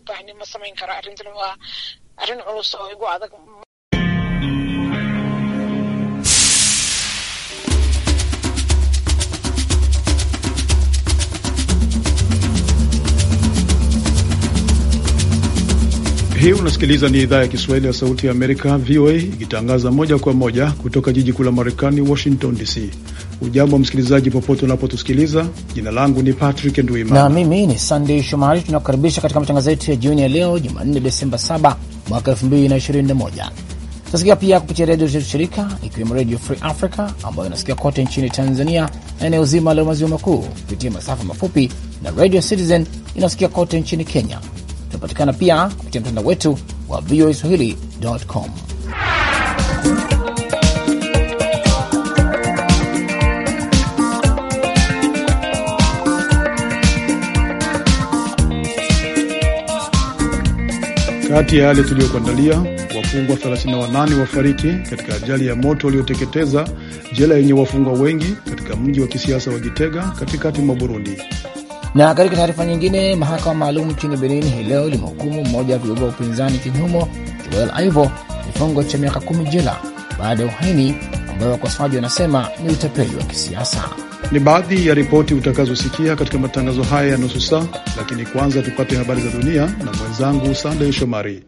u baahnimo samayn karo arrintana waa arrin culus oo igu adag Hii unasikiliza ni idhaa ya Kiswahili ya Sauti ya Amerika, VOA, ikitangaza moja kwa moja kutoka jiji kuu la Marekani, Washington DC. Ujambo wa msikilizaji, popote unapotusikiliza. Jina langu ni Patrick Nduimana na mimi ni Sandey Shomari. Tunakukaribisha katika matangazo yetu ya jioni ya leo Jumanne, Desemba 7 mwaka 2021. Tunasikia pia kupitia redio zetu shirika, ikiwemo Redio Free Africa ambayo inasikia kote nchini Tanzania na eneo zima la maziwa makuu kupitia masafa mafupi na Radio Citizen inayosikia kote nchini Kenya Tunapatikana pia kupitia mtandao wetu wa VOA swahili.com. Kati ya yale tuliyokuandalia, wafungwa 38 wafariki katika ajali ya moto ulioteketeza jela yenye wafungwa wengi katika mji wa kisiasa wa Gitega katikati mwa Burundi. Na katika taarifa nyingine, mahakama maalum nchini Benin hii leo limehukumu mmoja wa viongozi wa upinzani nchini humo Joel ivo kifungo cha miaka kumi jela baada ya uhaini ambayo wakosoaji wanasema ni utapeli wa kisiasa. Ni baadhi ya ripoti utakazosikia katika matangazo haya ya nusu saa, lakini kwanza tupate habari za dunia na mwenzangu Sandey Shomari.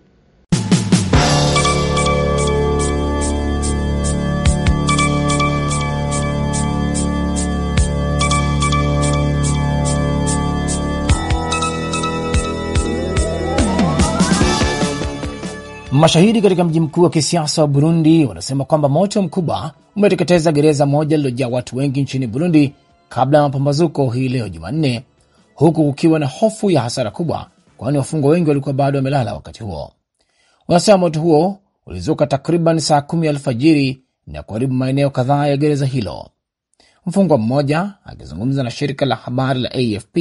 Mashahidi katika mji mkuu wa kisiasa wa Burundi wanasema kwamba moto mkubwa umeteketeza gereza moja lililojaa watu wengi nchini Burundi kabla ya mapambazuko hii leo Jumanne, huku kukiwa na hofu ya hasara kubwa, kwani wafungwa wengi walikuwa bado wamelala wakati huo. Wanasema moto huo ulizuka takriban saa kumi alfajiri na kuharibu maeneo kadhaa ya gereza hilo. Mfungwa mmoja akizungumza na shirika la habari la AFP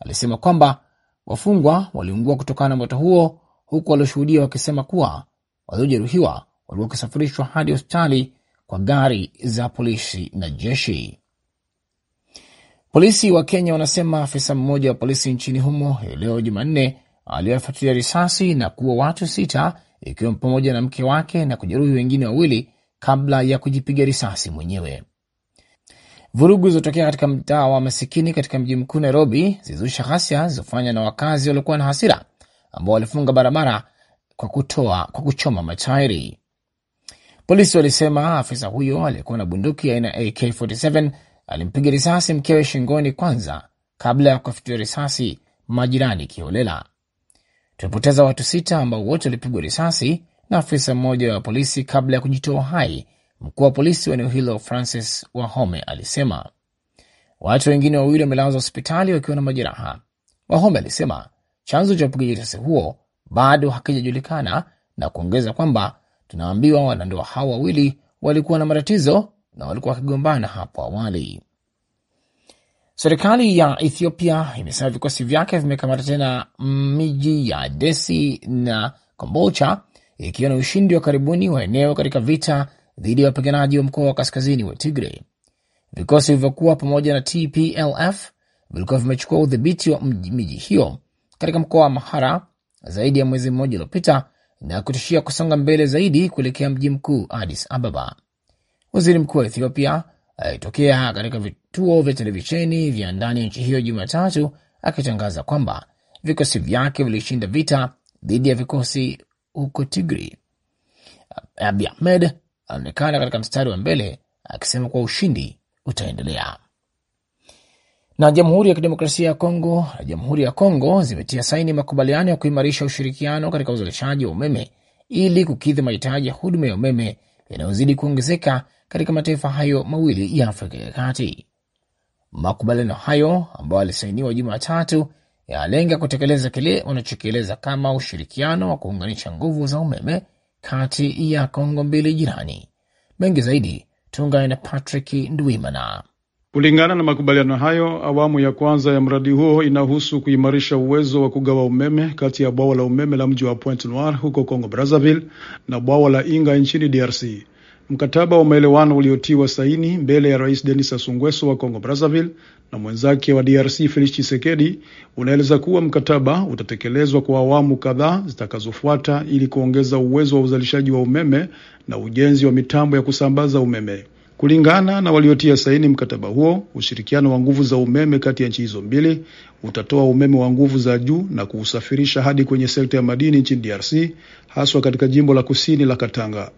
alisema kwamba wafungwa waliungua kutokana na moto huo huku walioshuhudia wakisema kuwa waliojeruhiwa walikuwa wakisafirishwa hadi hospitali kwa gari za polisi na jeshi. Polisi wa Kenya wanasema afisa mmoja wa polisi nchini humo leo Jumanne aliwafuatilia risasi na kuua watu sita ikiwemo pamoja na mke wake na kujeruhi wengine wawili kabla ya kujipiga risasi mwenyewe. Vurugu zilizotokea katika mtaa wa masikini katika mji mkuu Nairobi zilizusha ghasia zilizofanywa na wakazi waliokuwa na hasira ambao walifunga barabara kwa kutoa, kwa kuchoma matairi. Polisi walisema afisa huyo aliyekuwa na bunduki aina AK47 alimpiga risasi mkewe shingoni kwanza kabla ya kuwafitua risasi majirani kiholela. Tumepoteza watu sita ambao wote walipigwa risasi na afisa mmoja wa polisi kabla ya kujitoa hai, mkuu wa polisi wa eneo hilo Francis Wahome alisema. Watu wengine wawili wamelazwa hospitali wakiwa na majeraha. Wahome alisema Chanzo cha upigaji risasi huo bado hakijajulikana, na kuongeza kwamba tunaambiwa wanandoa hao wawili walikuwa na matatizo na walikuwa wakigombana hapo awali. Serikali ya Ethiopia imesema vikosi vyake vimekamata tena miji ya Desi na Kombolcha, ikiwa na ushindi wa karibuni wa eneo katika vita dhidi ya wapiganaji wa mkoa wa kaskazini wa Tigre. Vikosi vilivyokuwa pamoja na TPLF vilikuwa vimechukua udhibiti wa miji hiyo katika mkoa wa Amhara zaidi ya mwezi mmoja uliopita na kutishia kusonga mbele zaidi kuelekea mji mkuu Addis Ababa. Waziri mkuu wa Ethiopia alitokea katika vituo vya televisheni vya ndani ya nchi hiyo Jumatatu akitangaza kwamba vikosi vyake vilishinda vita dhidi ya vikosi huko Tigri. Abiy Ahmed alionekana katika mstari wa mbele akisema kuwa ushindi utaendelea na Jamhuri ya Kidemokrasia ya Kongo na Jamhuri ya Kongo zimetia saini makubaliano ya kuimarisha ushirikiano katika uzalishaji wa umeme ili kukidhi mahitaji ya huduma ya umeme yanayozidi kuongezeka katika mataifa hayo mawili ya Afrika ya Kati. Makubaliano hayo ambayo yalisainiwa Jumatatu yanalenga kutekeleza kile wanachokieleza kama ushirikiano wa kuunganisha nguvu za umeme kati ya Kongo mbili jirani. Mengi zaidi tuungane na Patrick Ndwimana. Kulingana na makubaliano hayo, awamu ya kwanza ya mradi huo inahusu kuimarisha uwezo wa kugawa umeme kati ya bwawa la umeme la mji wa Point Noir huko Congo Brazzaville na bwawa la Inga nchini DRC. Mkataba wa maelewano uliotiwa saini mbele ya Rais Denis Sassou Nguesso wa Congo Brazzaville na mwenzake wa DRC Felix Tshisekedi unaeleza kuwa mkataba utatekelezwa kwa awamu kadhaa zitakazofuata ili kuongeza uwezo wa uzalishaji wa umeme na ujenzi wa mitambo ya kusambaza umeme. Kulingana na waliotia saini mkataba huo, ushirikiano wa nguvu za umeme kati ya nchi hizo mbili utatoa umeme wa nguvu za juu na kuusafirisha hadi kwenye sekta ya madini nchini DRC, haswa katika jimbo la kusini la Katanga.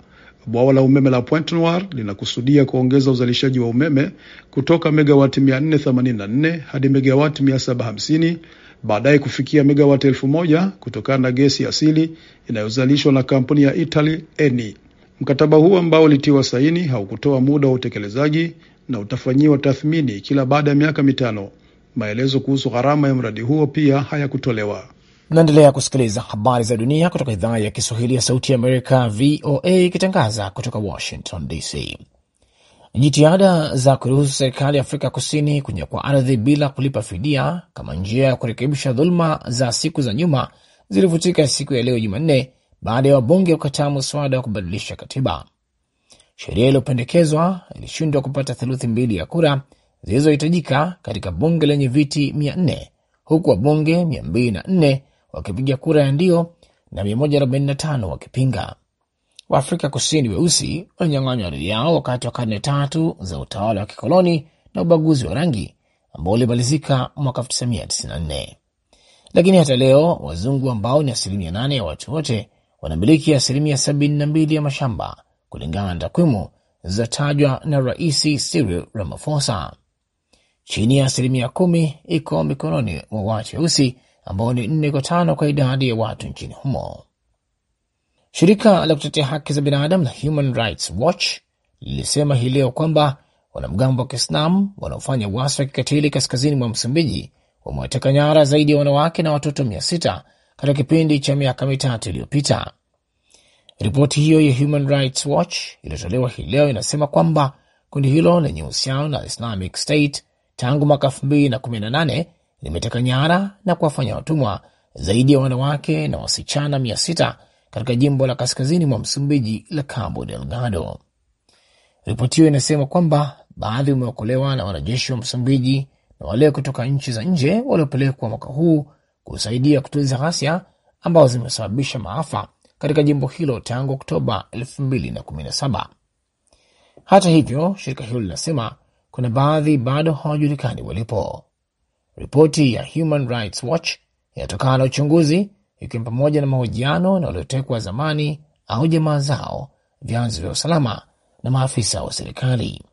Bwawa la umeme la Pointe Noire linakusudia kuongeza uzalishaji wa umeme kutoka megawati 484 hadi megawati 750 baadaye kufikia megawati 1000 kutokana na gesi asili inayozalishwa na kampuni ya Italy Eni. Mkataba huo ambao ulitiwa saini haukutoa muda wa utekelezaji na utafanyiwa tathmini kila baada ya miaka mitano. Maelezo kuhusu gharama ya mradi huo pia hayakutolewa. Naendelea kusikiliza habari za dunia kutoka idhaa ya Kiswahili ya Sauti ya Amerika, VOA, ikitangaza kutoka Washington DC. Jitihada za kuruhusu serikali ya Afrika Kusini kunyakwa ardhi bila kulipa fidia kama njia ya kurekebisha dhuluma za siku za nyuma zilivutika siku ya leo Jumanne baada ya wabunge kukataa muswada wa kubadilisha katiba. Sheria iliyopendekezwa ilishindwa kupata theluthi mbili ya kura zilizohitajika katika bunge lenye viti 400 huku wabunge 204 wakipiga kura ya ndio na 145 wakipinga. Waafrika Kusini weusi walinyang'anywa ardhi yao wakati wa karne tatu za utawala wa kikoloni na ubaguzi wa rangi ambao ulimalizika mwaka 1994. Lakini hata leo wazungu ambao ni asilimia nane ya watu wote wanamiliki asilimia sabini na mbili ya mashamba kulingana na takwimu zilizotajwa na Rais Cyril Ramaphosa. Chini ya asilimia kumi iko mikononi mwa watu weusi ambao ni nne kwa tano kwa idadi ya watu nchini humo. Shirika la kutetea haki za binadamu la Human Rights Watch lilisema hii leo kwamba wanamgambo wa kiislam wanaofanya uasi wa kikatili kaskazini mwa Msumbiji wamewateka nyara zaidi ya wanawake na watoto mia sita katika kipindi cha miaka mitatu iliyopita. Ripoti hiyo ya Human Rights Watch iliyotolewa hii leo inasema kwamba kundi hilo lenye uhusiano na Islamic State tangu mwaka 2018 limeteka nyara na kuwafanya watumwa zaidi ya wanawake na wasichana 600 katika jimbo la kaskazini mwa Msumbiji la Cabo Delgado. Ripoti hiyo inasema kwamba baadhi wameokolewa na wanajeshi wa Msumbiji na wale kutoka nchi za nje waliopelekwa mwaka huu kusaidia kutuliza ghasia ambazo zimesababisha maafa katika jimbo hilo tangu Oktoba 2017. Hata hivyo, shirika hilo linasema kuna baadhi bado hawajulikani walipo. Ripoti ya Human Rights Watch inatokana na uchunguzi, ikiwa pamoja na mahojiano na waliotekwa zamani au jamaa zao, vyanzo vya usalama na maafisa wa serikali.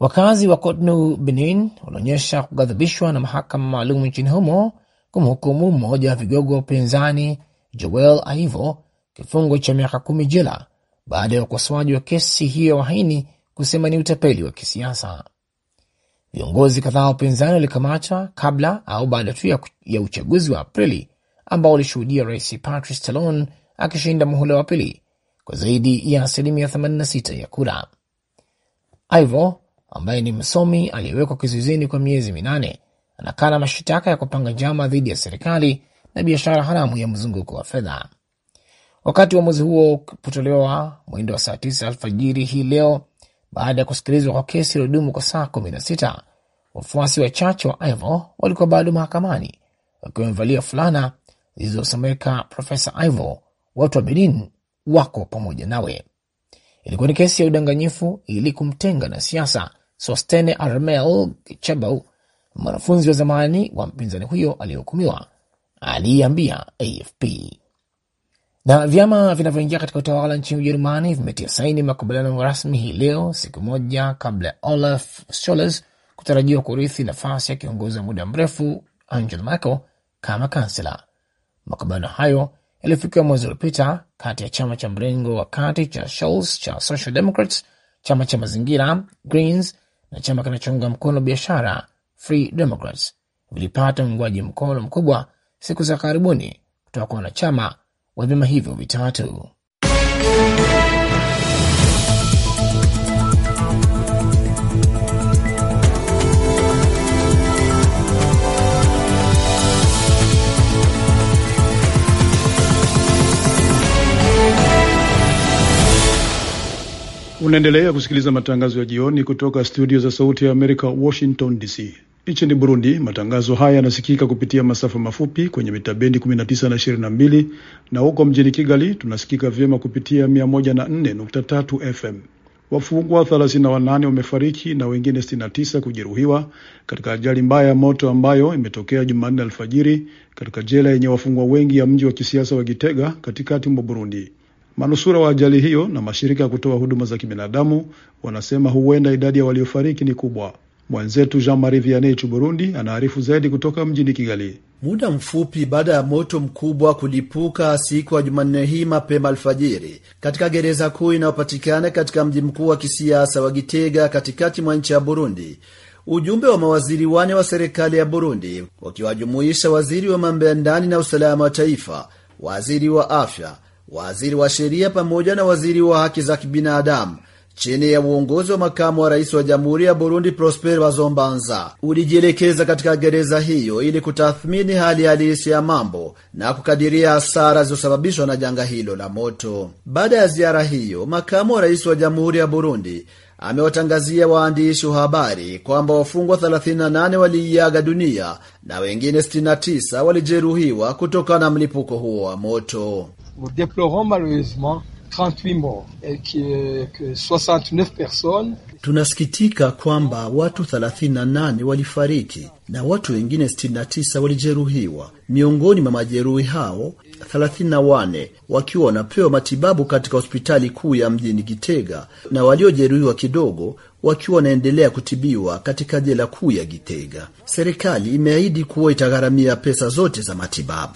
Wakazi wa Cotonou, Benin, wanaonyesha kughadhabishwa na mahakama maalum nchini humo kumhukumu mmoja wa vigogo wa upinzani Joel Aivo kifungo cha miaka kumi jela baada ya ukosoaji wa kesi hiyo ya wahaini kusema ni utapeli wa kisiasa. Viongozi kadhaa wa upinzani walikamatwa kabla au baada tu ya uchaguzi wa Aprili ambao ulishuhudia Rais Patrice Talon akishinda muhula wa pili kwa zaidi ya asilimia 86 ya kura. Aivo ambaye ni msomi aliyewekwa kizuizini kwa miezi minane anakana mashitaka ya kupanga njama dhidi ya serikali na biashara haramu ya mzunguko wa fedha. Wakati uamuzi huo kupotolewa mwendo wa saa tisa alfajiri hii leo, baada ya kusikilizwa kwa kesi iliyodumu kwa saa kumi na sita, wafuasi wachache wa Ivo walikuwa bado mahakamani wakiwa wamevalia fulana zilizosomeka Profesa Ivo, watu wa Benin wako pamoja nawe. Ilikuwa ni kesi ya udanganyifu ili kumtenga na siasa Sostene Armel Chebel, mwanafunzi wa zamani wa mpinzani huyo aliyehukumiwa, aliyeambia AFP. Na vyama vinavyoingia katika utawala nchini Ujerumani vimetia saini makubaliano rasmi hii leo, siku moja kabla ya Olaf Scholz kutarajiwa kurithi nafasi ya kiongozi wa muda mrefu Angela Merkel kama kansela. Makubaliano hayo yaliyofikiwa mwezi uliopita kati ya chama cha mrengo wa kati cha Scholz cha Social Democrats, chama cha mazingira Greens na chama kinachounga mkono biashara Free Democrats vilipata uungwaji mkono mkubwa siku za karibuni kutoka kwa wanachama wa vyama hivyo vitatu. Unaendelea kusikiliza matangazo ya jioni kutoka studio za Sauti ya Amerika, Washington DC. Nchini Burundi, matangazo haya yanasikika kupitia masafa mafupi kwenye mitabendi 19 na 22, na huko mjini Kigali tunasikika vyema kupitia 104.3 FM. Wafungwa 38 wamefariki na wengine 69 kujeruhiwa katika ajali mbaya ya moto ambayo imetokea Jumanne alfajiri katika jela yenye wafungwa wengi ya mji wa kisiasa wa Gitega katikati mwa Burundi. Manusura wa ajali hiyo na mashirika ya kutoa huduma za kibinadamu wanasema huenda idadi ya waliofariki ni kubwa. Mwenzetu Jean Marie Vianney chu Burundi anaarifu zaidi kutoka mjini Kigali. Muda mfupi baada ya moto mkubwa kulipuka siku ya Jumanne hii mapema alfajiri katika gereza kuu inayopatikana katika mji mkuu wa kisiasa wa Gitega katikati mwa nchi ya Burundi, ujumbe wa mawaziri wane wa serikali ya Burundi wakiwajumuisha waziri wa mambo ya ndani na usalama wa taifa, waziri wa afya waziri wa sheria pamoja na waziri wa haki za kibinadamu chini ya uongozi wa makamu wa rais wa jamhuri ya Burundi Prosper Bazombanza ulijielekeza katika gereza hiyo ili kutathmini hali halisi ya mambo na kukadiria hasara zilizosababishwa na janga hilo la moto. Baada ya ziara hiyo, makamu wa rais wa jamhuri ya Burundi amewatangazia waandishi wa habari kwamba wafungwa 38 waliiaga dunia na wengine 69 walijeruhiwa kutokana na mlipuko huo wa moto nous déplorons malheureusement 38 morts et euh, que que 69 personnes. Tunasikitika kwamba watu 38 walifariki na watu wengine 69 walijeruhiwa. Miongoni mwa majeruhi hao 34 wakiwa wanapewa matibabu katika hospitali kuu ya mjini Gitega na waliojeruhiwa kidogo wakiwa wanaendelea kutibiwa katika jela kuu ya Gitega. Serikali imeahidi kuwa itagharamia pesa zote za matibabu.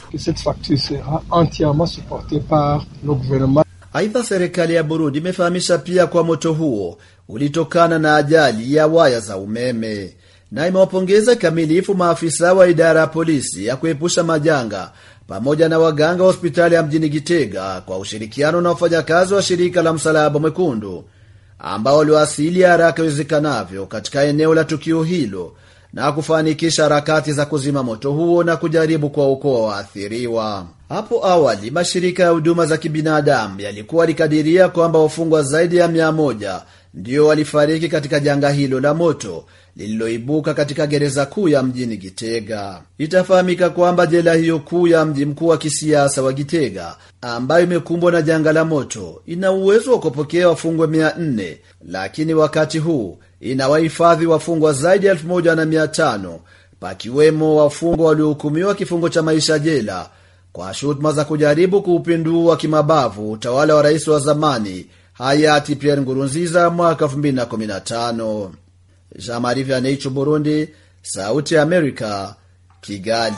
Aidha, serikali ya Burundi imefahamisha pia kwa moto huo ulitokana na ajali ya waya za umeme na imewapongeza kamilifu maafisa wa idara ya polisi ya kuepusha majanga pamoja na waganga wa hospitali ya mjini Gitega kwa ushirikiano na wafanyakazi wa shirika la Msalaba Mwekundu ambao waliwasili haraka iwezekanavyo katika eneo la tukio hilo na kufanikisha harakati za kuzima moto huo na kujaribu kuwaokoa waathiriwa. Hapo awali mashirika ya huduma za kibinadamu yalikuwa likadiria kwamba wafungwa zaidi ya mia moja ndio walifariki katika janga hilo la moto lililoibuka katika gereza kuu ya mjini Gitega. Itafahamika kwamba jela hiyo kuu ya mji mkuu wa kisiasa wa Gitega, ambayo imekumbwa na janga la moto, ina uwezo wa kupokea wafungwa mia nne, lakini wakati huu ina wahifadhi wafungwa zaidi ya elfu moja na mia tano pakiwemo wafungwa waliohukumiwa kifungo cha maisha jela kwa shutuma za kujaribu kuupindua kimabavu utawala wa rais wa zamani hayati Pierre Ngurunziza mwaka 2015. Jean Marie Vianney Burundi, Sauti ya Amerika, Kigali.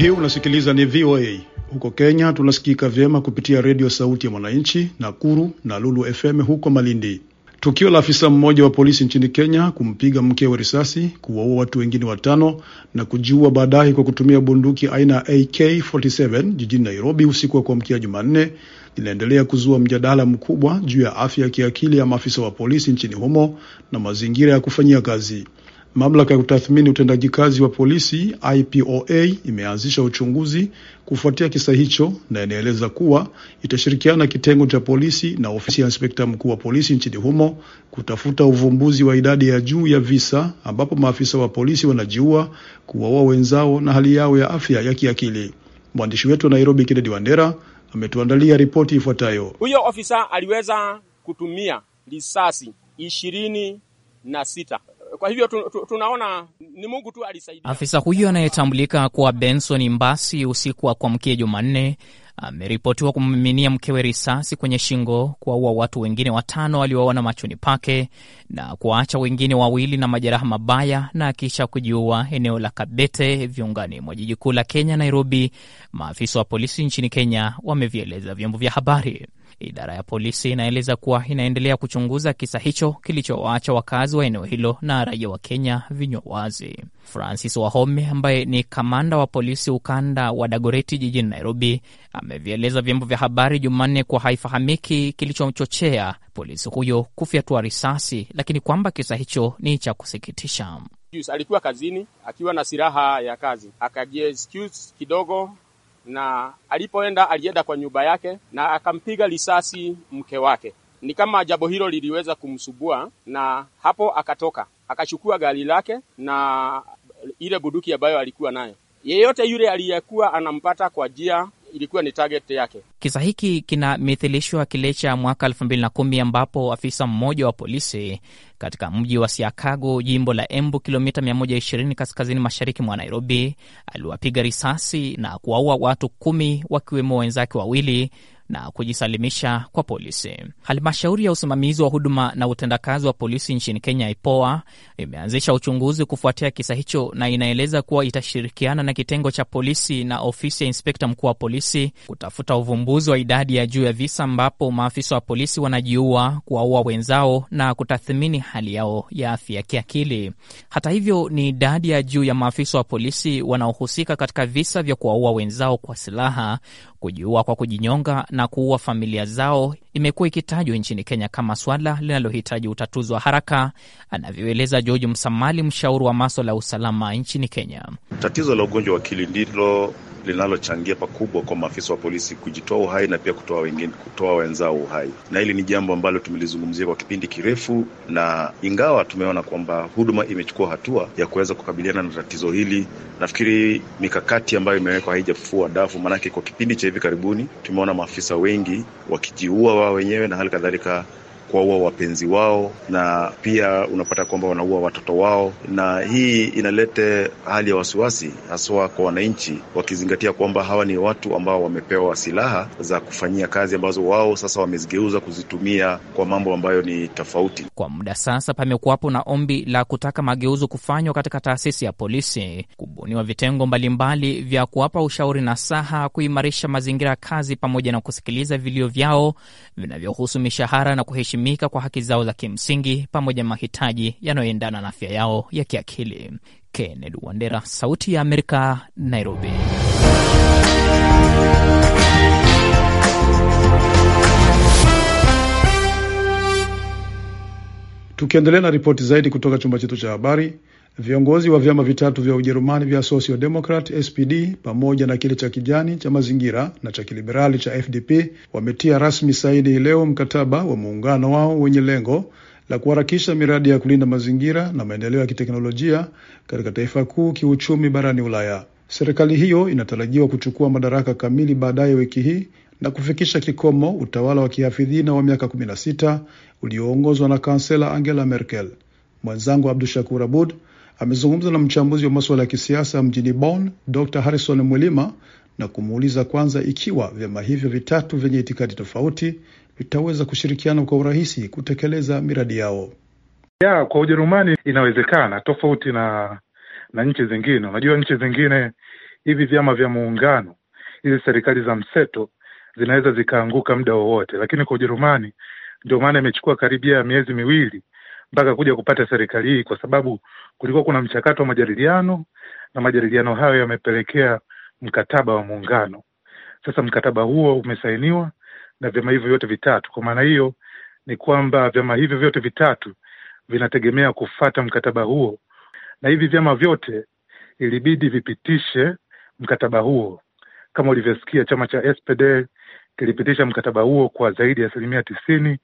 Hii unasikiliza ni VOA. Huko Kenya tunasikika vyema kupitia redio Sauti ya Mwananchi, Nakuru na Lulu FM huko Malindi. Tukio la afisa mmoja wa polisi nchini Kenya kumpiga wa risasi, kuwaua watu wengine watano na kujiua baadaye kwa kutumia bunduki aina ya AK47 jijini Nairobi usiku wa kuamkia Jumanne linaendelea kuzua mjadala mkubwa juu ya afya ya kiakili ya maafisa wa polisi nchini humo na mazingira ya kufanyia kazi. Mamlaka ya kutathmini utendaji kazi wa polisi IPOA imeanzisha uchunguzi kufuatia kisa hicho na inaeleza kuwa itashirikiana kitengo cha polisi na ofisi ya inspekta mkuu wa polisi nchini humo kutafuta uvumbuzi wa idadi ya juu ya visa ambapo maafisa wa polisi wanajiua, kuwaua wenzao na hali yao ya afya ya kiakili. Mwandishi wetu wa Nairobi Kennedy Wandera ametuandalia ripoti ifuatayo. Huyo ofisa aliweza kutumia risasi ishirini na sita kwa hivyo tu, tu, tunaona ni Mungu tu alisaidia. Afisa huyo anayetambulika kuwa Benson Mbasi, usiku wa kuamkia Jumanne, ameripotiwa kummiminia mkewe risasi kwenye shingo, kuwaua watu wengine watano walioona machoni pake na kuwaacha wengine wawili na majeraha mabaya, na kisha kujiua eneo la Kabete, viungani mwa jiji kuu la Kenya, Nairobi. Maafisa wa polisi nchini Kenya wamevieleza vyombo vya habari. Idara ya polisi inaeleza kuwa inaendelea kuchunguza kisa hicho kilichowaacha wakazi wa eneo hilo na raia wa Kenya vinywa wazi. Francis Wahome ambaye ni kamanda wa polisi ukanda wa Dagoreti jijini Nairobi amevieleza vyombo vya habari Jumanne kuwa haifahamiki kilichochochea polisi huyo kufyatua risasi, lakini kwamba kisa hicho ni cha kusikitisha. Alikuwa kazini akiwa na silaha ya kazi, akajiexcuse kidogo na alipoenda alienda kwa nyumba yake na akampiga risasi mke wake. Ni kama jambo hilo liliweza kumsubua, na hapo akatoka akachukua gari lake na ile bunduki ambayo alikuwa nayo. Yeyote yule aliyekuwa anampata kwa njia ilikuwa ni target yake. Kisa hiki kinamithilishwa kile cha mwaka elfu mbili na kumi ambapo afisa mmoja wa polisi katika mji wa Siakago, jimbo la Embu, kilomita 120 kaskazini mashariki mwa Nairobi, aliwapiga risasi na kuwaua watu kumi wakiwemo wenzake wawili na kujisalimisha kwa polisi. Halmashauri ya usimamizi wa huduma na utendakazi wa polisi nchini Kenya, IPOA, imeanzisha uchunguzi kufuatia kisa hicho na inaeleza kuwa itashirikiana na kitengo cha polisi na ofisi ya inspekta mkuu wa polisi kutafuta uvumbuzi wa idadi ya juu ya visa ambapo maafisa wa polisi wanajiua, kuwaua wenzao na kutathmini hali yao ya afya ya kiakili. Hata hivyo, ni idadi ya juu ya maafisa wa polisi wanaohusika katika visa vya kuwaua wenzao kwa silaha kujiua kwa kujinyonga na kuua familia zao imekuwa ikitajwa nchini Kenya kama swala linalohitaji utatuzi wa haraka, anavyoeleza George Msamali, mshauri wa maswala ya usalama nchini Kenya. Tatizo la ugonjwa wa akili ndilo linalochangia pakubwa kwa maafisa wa polisi kujitoa uhai na pia kutoa wengine, kutoa wenzao uhai, na hili ni jambo ambalo tumelizungumzia kwa kipindi kirefu, na ingawa tumeona kwamba huduma imechukua hatua ya kuweza kukabiliana na tatizo hili, nafikiri mikakati ambayo imewekwa haijafua dafu, maanake kwa kipindi cha hivi karibuni tumeona maafisa wengi wakijiua wao wenyewe na hali kadhalika kuwaua wapenzi wao, na pia unapata kwamba wanaua watoto wao, na hii inalete hali ya wasiwasi haswa kwa wananchi, wakizingatia kwamba hawa ni watu ambao wamepewa silaha za kufanyia kazi ambazo wao sasa wamezigeuza kuzitumia kwa mambo ambayo ni tofauti. Kwa muda sasa, pamekuwapo na ombi la kutaka mageuzo kufanywa katika taasisi ya polisi, kubuniwa vitengo mbalimbali vya kuwapa ushauri na saha, kuimarisha mazingira ya kazi, pamoja na kusikiliza vilio vyao vinavyohusu mishahara na kuheshimu kuelimika kwa haki zao za kimsingi pamoja na mahitaji yanayoendana na afya yao ya kiakili. Kennedy Wandera, Sauti ya Amerika, Nairobi. Tukiendelea na ripoti zaidi kutoka chumba chetu cha habari, Viongozi wa vyama vitatu vya Ujerumani vya Social Democrat SPD pamoja na kile cha kijani cha mazingira na cha kiliberali cha FDP wametia rasmi saini leo mkataba wa muungano wao wenye lengo la kuharakisha miradi ya kulinda mazingira na maendeleo ya kiteknolojia katika taifa kuu kiuchumi barani Ulaya. Serikali hiyo inatarajiwa kuchukua madaraka kamili baadaye wiki hii na kufikisha kikomo utawala wa kihafidhina wa miaka 16 ulioongozwa na kansela Angela Merkel. Mwenzangu Abdu Shakur Abud amezungumza na mchambuzi wa masuala ya kisiasa mjini Bonn, Dr Harrison Mwilima, na kumuuliza kwanza ikiwa vyama hivyo vitatu vyenye itikadi tofauti vitaweza kushirikiana kwa urahisi kutekeleza miradi yao. Ya, kwa Ujerumani inawezekana, tofauti na na nchi zingine. Unajua, nchi zingine hivi vyama vya muungano, hizi serikali za mseto zinaweza zikaanguka muda wowote, lakini kwa Ujerumani ndio maana imechukua karibia miezi miwili mpaka kuja kupata serikali hii, kwa sababu kulikuwa kuna mchakato wa majadiliano na majadiliano hayo yamepelekea mkataba wa muungano. Sasa mkataba huo umesainiwa na vyama hivyo vyote vitatu. Kwa maana hiyo ni kwamba vyama hivyo vyote vitatu vinategemea kufata mkataba huo, na hivi vyama vyote ilibidi vipitishe mkataba huo. Kama ulivyosikia, chama cha SPD kilipitisha mkataba huo kwa zaidi ya asilimia tisini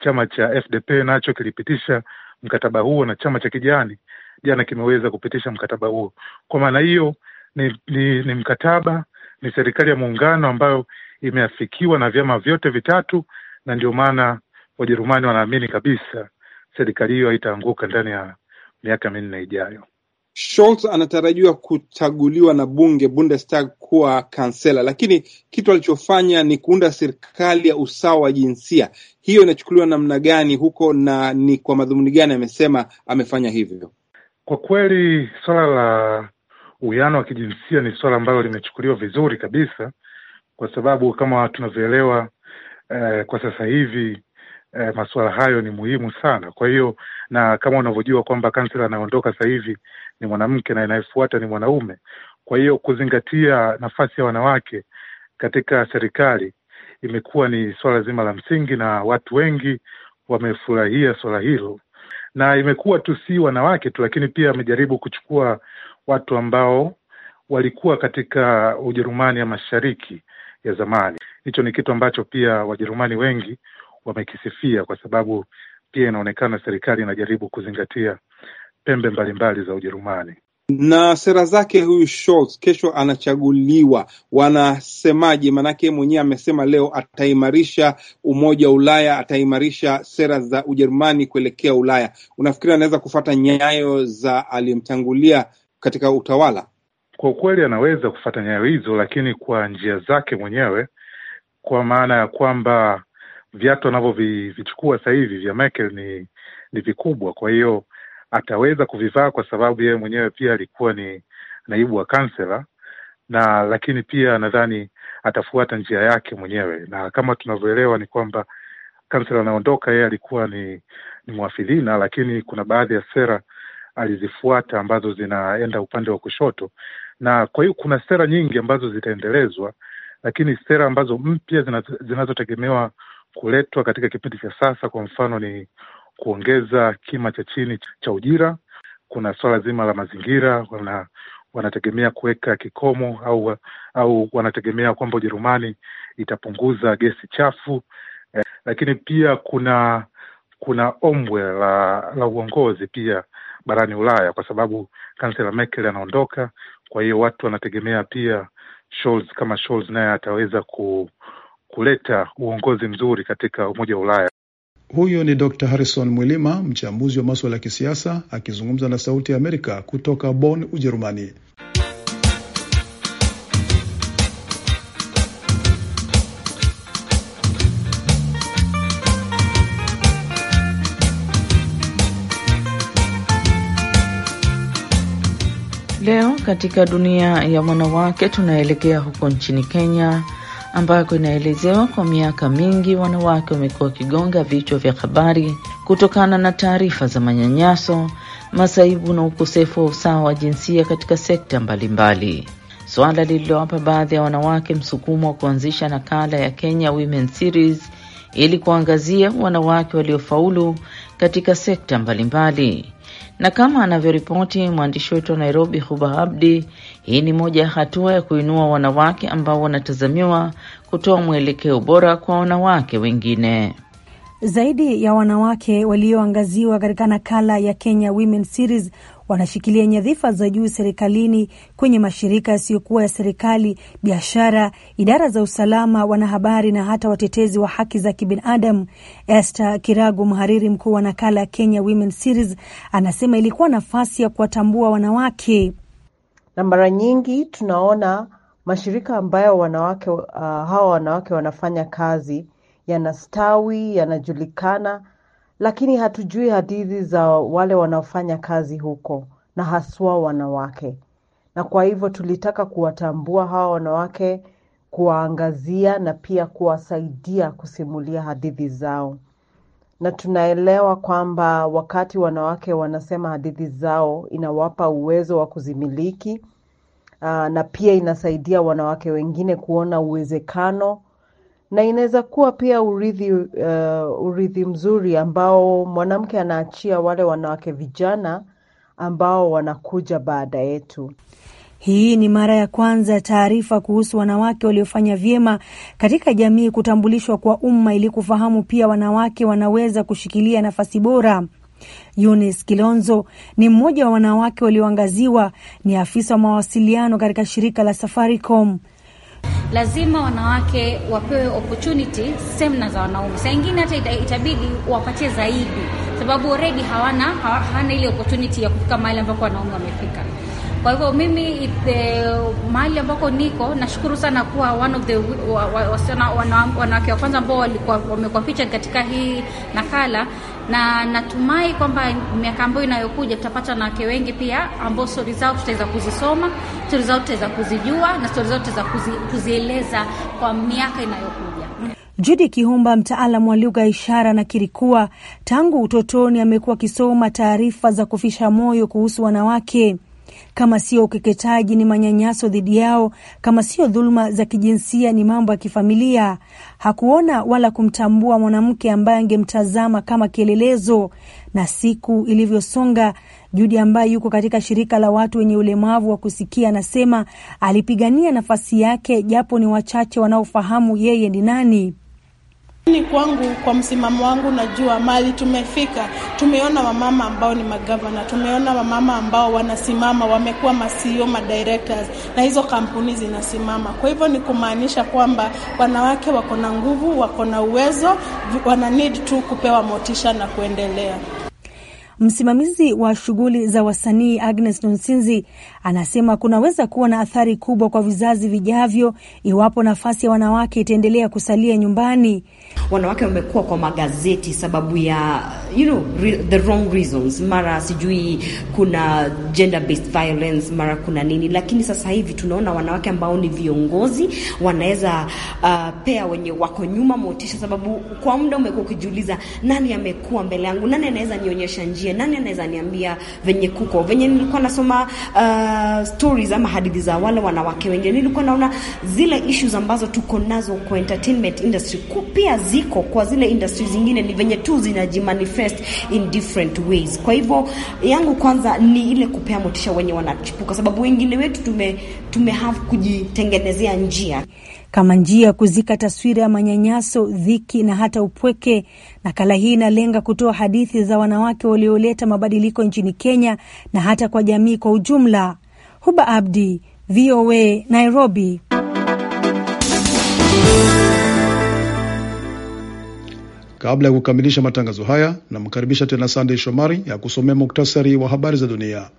chama cha FDP nacho kilipitisha mkataba huo na chama cha kijani jana kimeweza kupitisha mkataba huo. Kwa maana hiyo ni, ni, ni mkataba ni serikali ya muungano ambayo imeafikiwa na vyama vyote vitatu, na ndio maana Wajerumani wanaamini kabisa serikali hiyo haitaanguka ndani ya miaka minne ijayo. Scholz anatarajiwa kuchaguliwa na bunge Bundestag kuwa kansela, lakini kitu alichofanya ni kuunda serikali ya usawa wa jinsia. Hiyo inachukuliwa namna gani huko na ni kwa madhumuni gani amesema amefanya hivyo? Kwa kweli suala la uwiano wa kijinsia ni suala ambalo limechukuliwa vizuri kabisa, kwa sababu kama tunavyoelewa eh, kwa sasa hivi E, masuala hayo ni muhimu sana. Kwa hiyo na kama unavyojua kwamba kansela anaondoka sasa hivi ni mwanamke na inayefuata ni mwanaume. Kwa hiyo kuzingatia nafasi ya wanawake katika serikali imekuwa ni swala zima la msingi, na watu wengi wamefurahia swala hilo, na imekuwa tu si wanawake tu, lakini pia amejaribu kuchukua watu ambao walikuwa katika Ujerumani ya mashariki ya zamani. Hicho ni kitu ambacho pia Wajerumani wengi wamekisifia, kwa sababu pia inaonekana serikali inajaribu kuzingatia pembe mbalimbali za Ujerumani na sera zake huyu Scholz kesho anachaguliwa, wanasemaje? Maanake mwenyewe amesema leo ataimarisha umoja wa Ulaya, ataimarisha sera za Ujerumani kuelekea Ulaya. Unafikiri anaweza kufata nyayo za aliyemtangulia katika utawala? Kwa ukweli, anaweza kufata nyayo hizo, lakini kwa njia zake mwenyewe, kwa maana ya kwamba viatu anavyovichukua sasa hivi vya Merkel ni, ni vikubwa, kwa hiyo ataweza kuvivaa kwa sababu yeye mwenyewe pia alikuwa ni naibu wa kansela na lakini pia nadhani atafuata njia yake mwenyewe, na kama tunavyoelewa ni kwamba kansela anaondoka, yeye alikuwa ni, ni mwafilina, lakini kuna baadhi ya sera alizifuata ambazo zinaenda upande wa kushoto, na kwa hiyo kuna sera nyingi ambazo zitaendelezwa, lakini sera ambazo mpya zinazotegemewa kuletwa katika kipindi cha sasa, kwa mfano ni kuongeza kima cha chini cha ujira. Kuna swala zima la mazingira, wana wanategemea kuweka kikomo au au wanategemea kwamba Ujerumani itapunguza gesi chafu eh, lakini pia kuna kuna ombwe la la uongozi pia barani Ulaya kwa sababu kansela Merkel anaondoka. Kwa hiyo watu wanategemea pia Scholz, kama Scholz naye ataweza ku, kuleta uongozi mzuri katika Umoja wa Ulaya. Huyu ni Dr Harrison Mwilima, mchambuzi wa maswala ya kisiasa akizungumza na Sauti ya Amerika kutoka Bonn, Ujerumani. Leo katika dunia ya wanawake tunaelekea huko nchini Kenya ambako inaelezewa kwa miaka mingi wanawake wamekuwa wakigonga vichwa vya habari kutokana na taarifa za manyanyaso, masaibu na ukosefu wa usawa wa jinsia katika sekta mbalimbali, swala lililowapa baadhi ya wanawake msukumo wa kuanzisha nakala ya Kenya Women Series ili kuangazia wanawake waliofaulu katika sekta mbalimbali na kama anavyoripoti mwandishi wetu wa Nairobi, Huba Abdi, hii ni moja ya hatua ya kuinua wanawake ambao wanatazamiwa kutoa mwelekeo bora kwa wanawake wengine. Zaidi ya wanawake walioangaziwa katika nakala ya Kenya Women Series wanashikilia nyadhifa za juu serikalini, kwenye mashirika yasiyokuwa ya serikali, biashara, idara za usalama, wanahabari na hata watetezi wa haki za kibinadamu. Esther Kiragu, mhariri mkuu wa nakala ya Kenya Women Series, anasema ilikuwa nafasi ya kuwatambua wanawake, na mara nyingi tunaona mashirika ambayo wanawake uh, hawa wanawake wanafanya kazi yanastawi, yanajulikana lakini hatujui hadithi za wale wanaofanya kazi huko na haswa wanawake na kwa hivyo tulitaka kuwatambua hawa wanawake kuwaangazia na pia kuwasaidia kusimulia hadithi zao na tunaelewa kwamba wakati wanawake wanasema hadithi zao inawapa uwezo wa kuzimiliki na pia inasaidia wanawake wengine kuona uwezekano na inaweza kuwa pia urithi uh, urithi mzuri ambao mwanamke anaachia wale wanawake vijana ambao wanakuja baada yetu. Hii ni mara ya kwanza taarifa kuhusu wanawake waliofanya vyema katika jamii kutambulishwa kwa umma ili kufahamu pia wanawake wanaweza kushikilia nafasi bora. Eunice Kilonzo ni mmoja wa wanawake walioangaziwa, ni afisa wa mawasiliano katika shirika la Safaricom. Lazima wanawake wapewe opportunity same na za wanaume. Saa ingine hata ita, itabidi wapatie zaidi, sababu already hawana hawana ile opportunity ya kufika mahali ambako wanaume wamefika. Kwa hivyo mimi mahali ambako niko nashukuru sana kuwa one of the wanawake wa kwanza ambao wamekuwa featured katika hii nakala na natumai kwamba miaka ambayo inayokuja tutapata wanawake wengi pia ambao stori zao tutaweza kuzisoma, stori zao tutaweza kuzijua na stori zao tutaweza kuzi, kuzieleza kwa miaka inayokuja. judi Kihumba, mtaalamu wa lugha ya ishara, anakiri kuwa tangu utotoni amekuwa akisoma taarifa za kufisha moyo kuhusu wanawake. Kama sio ukeketaji, ni manyanyaso dhidi yao. Kama sio dhuluma za kijinsia, ni mambo ya kifamilia. Hakuona wala kumtambua mwanamke ambaye angemtazama kama kielelezo. Na siku ilivyosonga, Judi ambaye yuko katika shirika la watu wenye ulemavu wa kusikia anasema alipigania nafasi yake, japo ni wachache wanaofahamu yeye ni nani. Ni kwangu, kwa msimamo wangu, najua mali tumefika. Tumeona wamama ambao ni magavana, tumeona wamama ambao wanasimama, wamekuwa masio e directors, na hizo kampuni zinasimama. Kwa hivyo ni kumaanisha kwamba wanawake wako na nguvu, wako na uwezo, wana need tu kupewa motisha na kuendelea. Msimamizi wa shughuli za wasanii Agnes Nonsinzi anasema kunaweza kuwa na athari kubwa kwa vizazi vijavyo iwapo nafasi ya wanawake itaendelea kusalia nyumbani. Wanawake wamekuwa kwa magazeti sababu ya you know, re, the wrong reasons, mara sijui kuna gender based violence, mara kuna nini, lakini sasa hivi tunaona wanawake ambao ni viongozi wanaweza uh, pea wenye wako nyuma motisha, sababu kwa muda umekuwa ukijiuliza nani amekuwa mbele yangu, nani anaweza nionyesha njia, nani anaweza niambia venye kuko venye nilikuwa nasoma uh, stories ama hadithi za wale wanawake wengine, nilikuwa naona zile issues ambazo tuko nazo kwa entertainment industry pia ziko kwa zile industries zingine, ni venye tu zinajimanifest manifest in different ways. Kwa hivyo yangu kwanza ni ile kupea motisha wenye wanachipuka, sababu wengine wetu tume, tume have kujitengenezea njia kama njia ya kuzika taswira ya manyanyaso, dhiki na hata upweke. Nakala hii inalenga kutoa hadithi za wanawake walioleta mabadiliko nchini Kenya na hata kwa jamii kwa ujumla. Huba Abdi, VOA, Nairobi. Kabla ya kukamilisha matangazo haya, namkaribisha tena Sandey Shomari ya kusomea muktasari wa habari za dunia.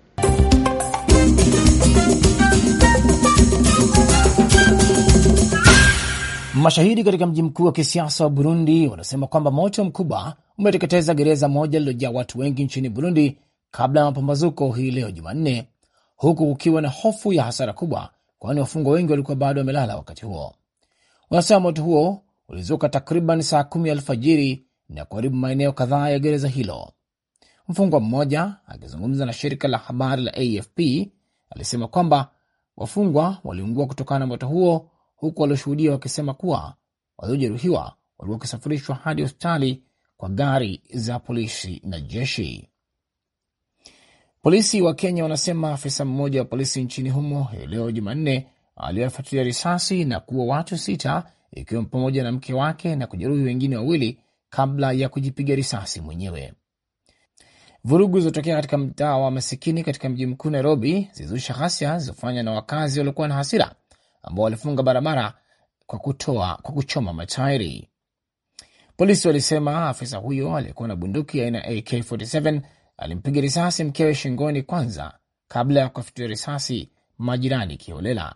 Mashahidi katika mji mkuu wa kisiasa wa Burundi wanasema kwamba moto mkubwa umeteketeza gereza moja lililojaa watu wengi nchini Burundi kabla ya mapambazuko hii leo Jumanne, huku kukiwa na hofu ya hasara kubwa, kwani wafungwa wengi walikuwa bado wamelala wakati huo. Wanasema moto huo ulizuka takriban saa kumi alfajiri na kuharibu maeneo kadhaa ya gereza hilo. Mfungwa mmoja akizungumza na shirika la habari la AFP alisema kwamba wafungwa waliungua kutokana na moto huo, huku walioshuhudia wakisema kuwa waliojeruhiwa walikuwa wakisafirishwa hadi hospitali kwa gari za polisi na jeshi. Polisi wa Kenya wanasema afisa mmoja wa polisi nchini humo hiyo leo Jumanne aliyefuatilia risasi na kuua watu sita ikiwemo pamoja na mke wake na kujeruhi wengine wawili kabla ya kujipiga risasi mwenyewe. Vurugu zilizotokea katika mtaa wa masikini katika mji mkuu Nairobi zilizusha ghasia zilizofanywa na wakazi waliokuwa na hasira ambao walifunga barabara kwa kutoa, kwa kuchoma matairi. Polisi walisema afisa huyo aliyekuwa na bunduki aina AK47 alimpiga risasi mkewe shingoni kwanza kabla ya kuwafitua risasi majirani kiholela.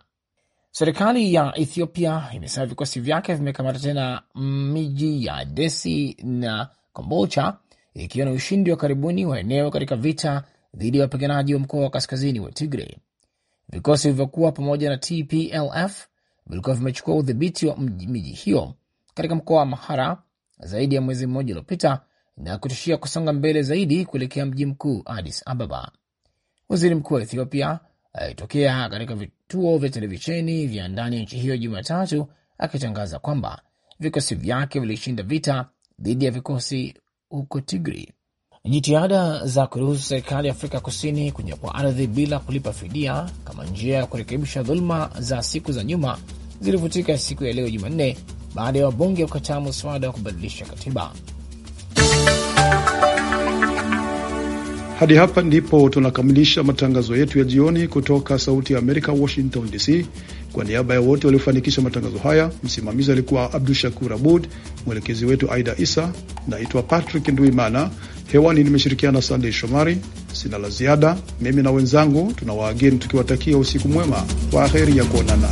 Serikali ya Ethiopia imesema vikosi vyake vimekamata tena miji ya Desi na Kombolcha, ikiwa na ushindi wa karibuni wa eneo katika vita dhidi ya wapiganaji wa mkoa wa kaskazini wa Tigray. Vikosi vilivyokuwa pamoja na TPLF vilikuwa vimechukua udhibiti wa miji hiyo katika mkoa wa Mahara zaidi ya mwezi mmoja uliopita na kutishia kusonga mbele zaidi kuelekea mji mkuu Addis Ababa. Waziri mkuu wa Ethiopia alitokea katika vituo vya televisheni vya ndani ya nchi hiyo Jumatatu akitangaza kwamba vikosi vyake vilishinda vita dhidi ya vikosi huko Tigri. Jitihada za kuruhusu serikali ya Afrika Kusini kunyakua ardhi bila kulipa fidia kama njia ya kurekebisha dhuluma za siku za nyuma zilivutika siku ya leo Jumanne baada ya wabunge kukataa muswada wa kubadilisha katiba. Hadi hapa ndipo tunakamilisha matangazo yetu ya jioni kutoka Sauti ya Amerika, Washington DC. Kwa niaba ya wote waliofanikisha matangazo haya, msimamizi alikuwa Abdu Shakur Abud, mwelekezi wetu Aida Isa. Naitwa Patrick Nduimana, hewani nimeshirikiana na Sandey Shomari. Sina la ziada, mimi na wenzangu tunawaageni tukiwatakia usiku mwema. Kwa heri ya kuonana.